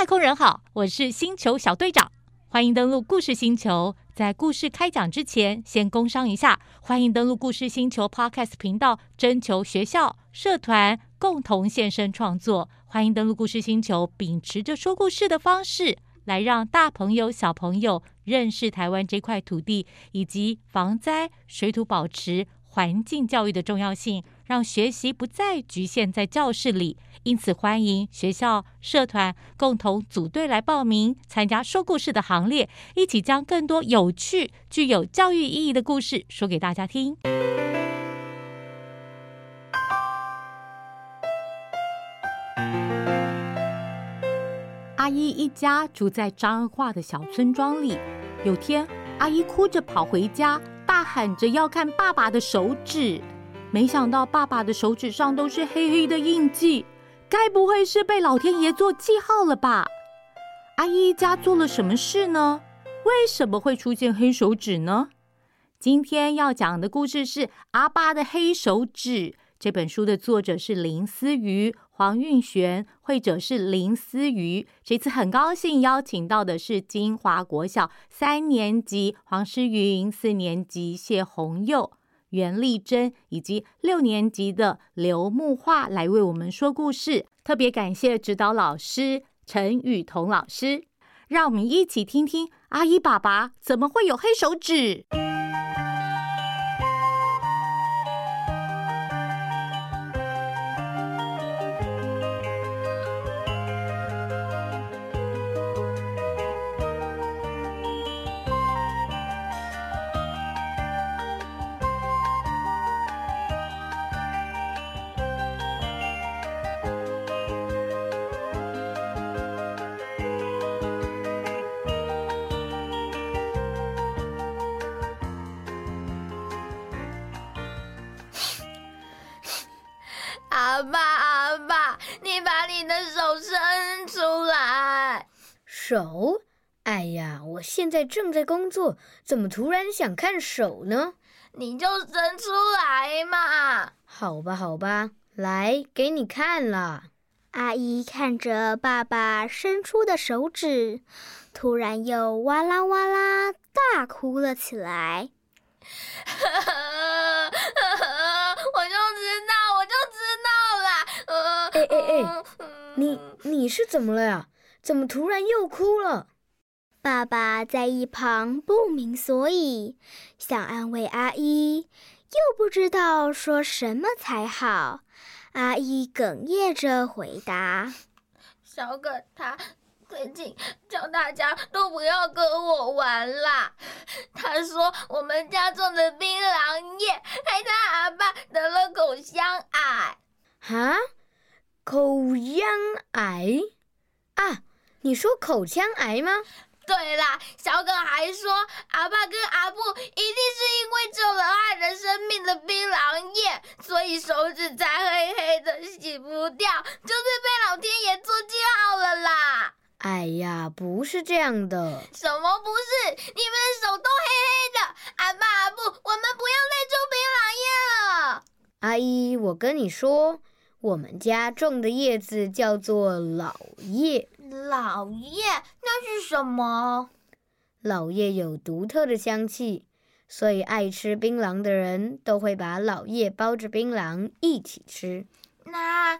太空人好，我是星球小隊長，歡迎登錄故事星球。在故事開講之前，先工商一下。歡迎登錄故事星球 Podcast 頻道，徵求學校、社團共同現身創作。歡迎登錄故事星球，秉持着說故事的方式，來讓大朋友、小朋友認識台灣這塊土地，以及防災、水土保持、環境教育的重要性。讓學習不再局限在教室裡，因此歡迎學校、社團共同組隊來報名參加說故事的行列，一起將更多有趣、具有教育意義的故事說給大家聽。阿姨一家住在彰化的小村莊裡，有天，阿姨哭着跑回家，大喊着要看爸爸的手指。沒想到爸爸的手指上都是黑黑的印記，該不會是被老天爺做記號了吧？阿姨家做了什麼事呢？為什麼會出現黑手指呢？今天要講的故事是《阿爸的黑手指》。這本書的作者是林思瑜、黃韻璇，繪者是林思瑜。這次很高興邀請到的是金華國小三年級黃詩云、四年級謝宏佑。袁立臻以及六年級的劉穆樺來為我們說故事，特別感謝指導老師陳語彤老師，讓我們一起聽聽阿姨爸爸怎麼會有黑手指。手？哎呀，我現在正在工作，怎麼突然想看手呢？你就伸出來嘛！好吧，好吧，來，給你看了。阿姨看着爸爸伸出的手指，突然又哇啦哇啦大哭了起來。 我就知道，我就知道了。呃、哎哎哎，你你是怎麼了呀？怎麼突然又哭了？爸爸在一旁不明所以，想安慰阿姨，又不知道說什麼才好。阿姨哽咽着回答：“小哥他最近叫大家都不要跟我玩啦。他說我們家種的檳榔葉害他阿爸得了口腔癌。”哈？口腔癌？啊？你說口腔癌嗎？對啦，小葛還說，阿爸跟阿布一定是因為種了害人生命的檳榔葉，所以手指才黑黑的，洗不掉，就是被老天爺做記號了啦。哎呀，不是這樣的。什麼不是？你們手都黑黑的，阿爸阿布，我們不要再種檳榔葉了。阿姨，我跟你說，我們家種的葉子叫做老葉。荖葉，那是什麼？荖葉有獨特的香氣，所以愛吃檳榔的人都會把荖葉包着檳榔一起吃。那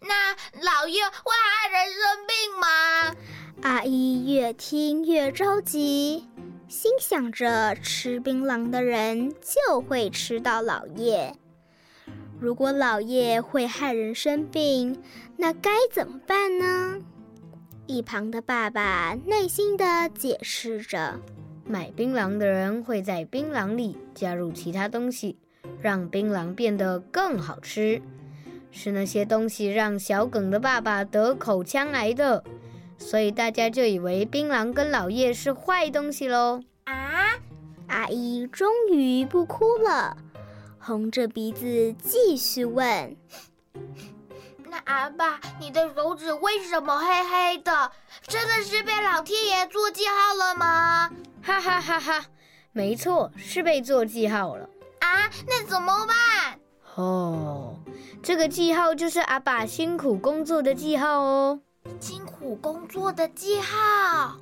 那荖葉會害人生病嗎？阿姨越聽越着急，心想着吃檳榔的人就會吃到荖葉，如果荖葉會害人生病，那該怎麼辦呢？一旁的爸爸耐心地解釋着：“賣檳榔的人會在檳榔裡加入其他東西，讓檳榔變得更好吃。是那些東西讓小耿的爸爸得口腔癌的，所以大家就以為檳榔跟荖葉是壞東西嘍。”啊，阿姨終於不哭了，紅着鼻子繼續問。 阿爸，你的手指為什麼黑黑的？真的是被老天爺做記號了嗎？哈哈哈哈！沒錯，是被做記號了。啊，那怎麼辦？哦，這個記號就是阿爸辛苦工作的記號哦。辛苦工作的記號。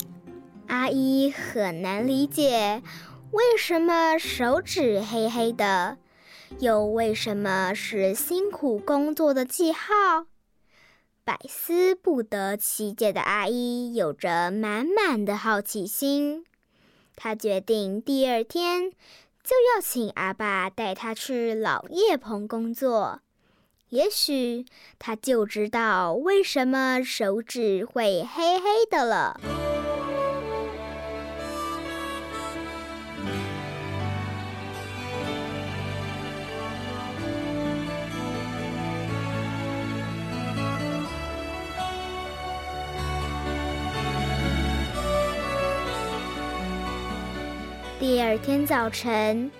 阿姨很難理解，為什麼手指黑黑的？又為什麼是辛苦工作的記號？百思不得其解的阿姨有着滿滿的好奇心，他決定第二天就要請阿爸帶他去老葉棚工作，也許他就知道為什麼手指會黑黑的了。第二天早晨，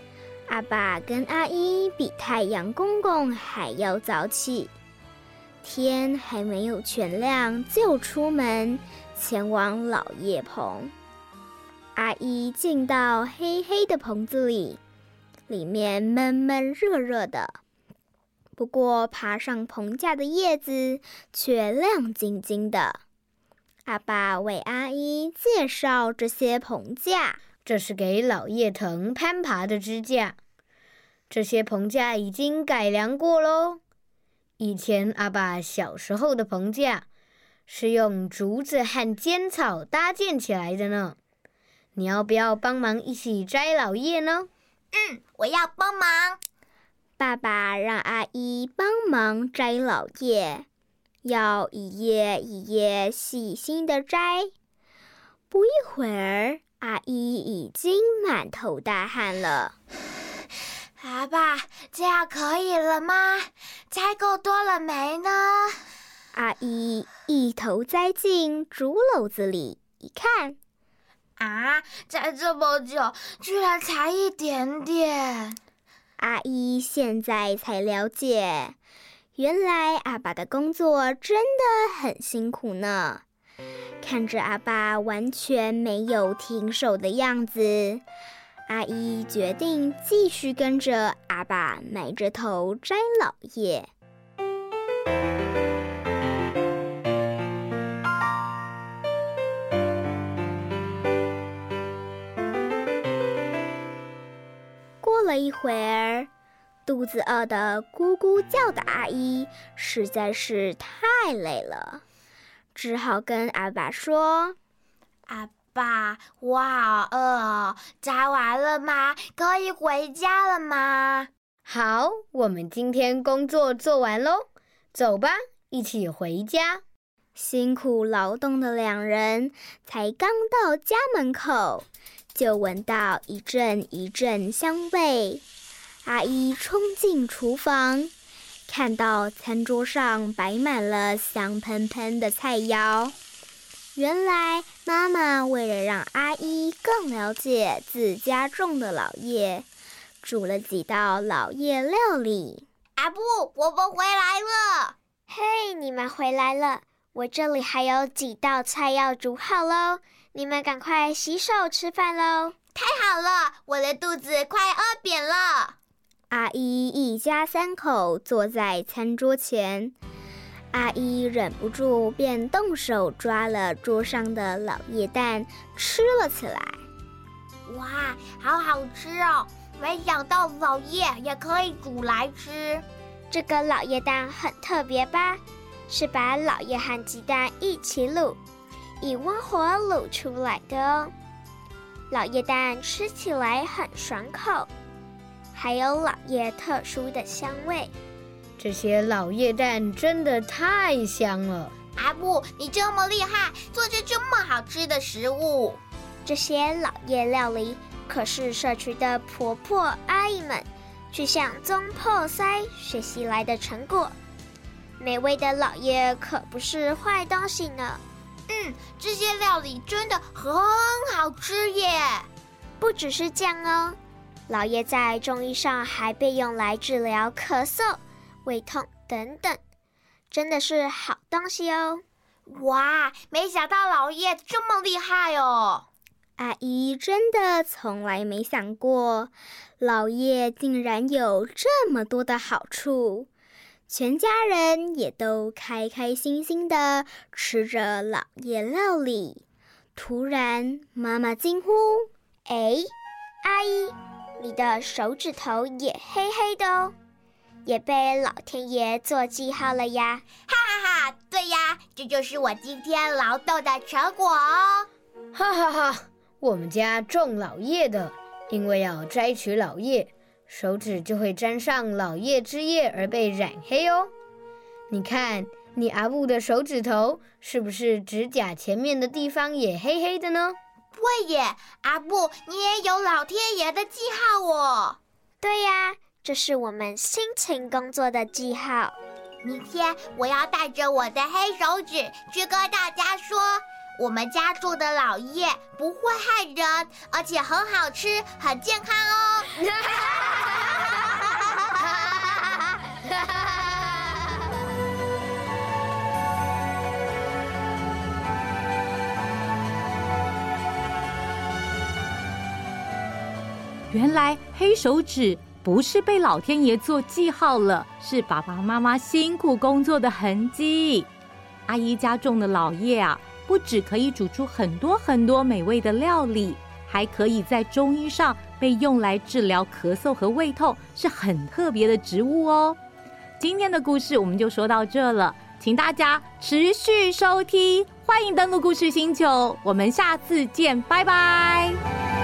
阿爸跟阿姨比太陽公公還要早起，天還沒有全亮就出門前往荖葉棚。阿姨進到黑黑的棚子裡，裡面悶悶熱熱的，不過爬上棚架的葉子卻亮晶晶的。阿爸為阿姨介紹這些棚架。這是給老葉藤攀爬的支架，這些棚架已經改良過嘍。以前阿爸小時候的棚架是用竹子和尖草搭建起來的呢。你要不要幫忙一起摘老葉呢？嗯，我要幫忙。爸爸讓阿姨幫忙摘老葉，要一葉一葉細心的摘。不一會兒。阿姨已經滿頭大汗了。阿爸，這樣可以了嗎？摘夠多了沒呢？阿姨一頭栽進竹簍子裡，一看，啊，摘這麼久，居然才一點點！阿姨現在才了解，原來阿爸的工作真的很辛苦呢。看着阿爸完全沒有停手的樣子，阿姨決定繼續跟着阿爸埋着頭摘老葉。過了一會兒，肚子餓得咕咕叫的阿姨實在是太累了。只好跟阿爸說：“阿爸，我好餓哦，摘完了嗎？可以回家了嗎？”好，我們今天工作做完嘍，走吧，一起回家。辛苦勞動的兩人才剛到家門口，就聞到一陣一陣香味，阿姨衝進廚房。看到餐桌上擺滿了香噴噴的菜餚，原來媽媽為了讓阿姨更了解自家種的老葉，煮了幾道老葉料理。阿爸，我們回來了！嘿，hey, 你們回來了！我這裡還有幾道菜要煮好嘍，你們趕快洗手吃飯嘍！太好了，我的肚子快餓扁了。阿姨一家三口坐在餐桌前，阿姨忍不住便動手抓了桌上的荖葉蛋吃了起來。哇，好好吃哦！沒想到荖葉也可以煮來吃。這個荖葉蛋很特別吧？是把荖葉和雞蛋一起滷，以文火滷出來的哦。荖葉蛋吃起來很爽口。還有落葉特殊的香味，這些落葉蛋真的太香了。阿布，你這麼厲害，做着這麼好吃的食物。這些落葉料理可是社區的婆婆阿姨們去向總舖師學習來的成果。美味的落葉可不是壞東西呢。嗯，這些料理真的很好吃耶，不只是醬哦。荖葉在中醫上還被用來治療咳嗽、胃痛等等，真的是好東西哦！哇，沒想到荖葉這麼厲害哦！阿姨真的從來沒想過，荖葉竟然有這麼多的好處。全家人也都開開心心的吃着荖葉料理。突然，媽媽驚呼：“哎，阿姨！”你的手指頭也黑黑的哦，也被老天爺做記號了呀！哈哈哈，哈，對呀，這就是我今天勞動的成果哦！哈，哈哈哈，我們家種老葉的，因為要摘取老葉，手指就會沾上老葉汁液而被染黑哦。你看，你阿布的手指頭是不是指甲前面的地方也黑黑的呢？對耶，阿布，你也有老天爺的記號哦。對呀、啊，這是我們辛勤工作的記號。明天我要帶着我的黑手指去跟大家說，我們家種的老葉不會害人，而且很好吃，很健康哦。 原來黑手指不是被老天爺做記號了，是爸爸媽媽辛苦工作的痕跡。阿姨家種的老葉啊，不只可以煮出很多很多美味的料理，還可以在中醫上被用來治療咳嗽和胃痛，是很特別的植物哦。今天的故事我們就說到這了，請大家持續收聽，歡迎登陸故事星球，我們下次見，拜拜。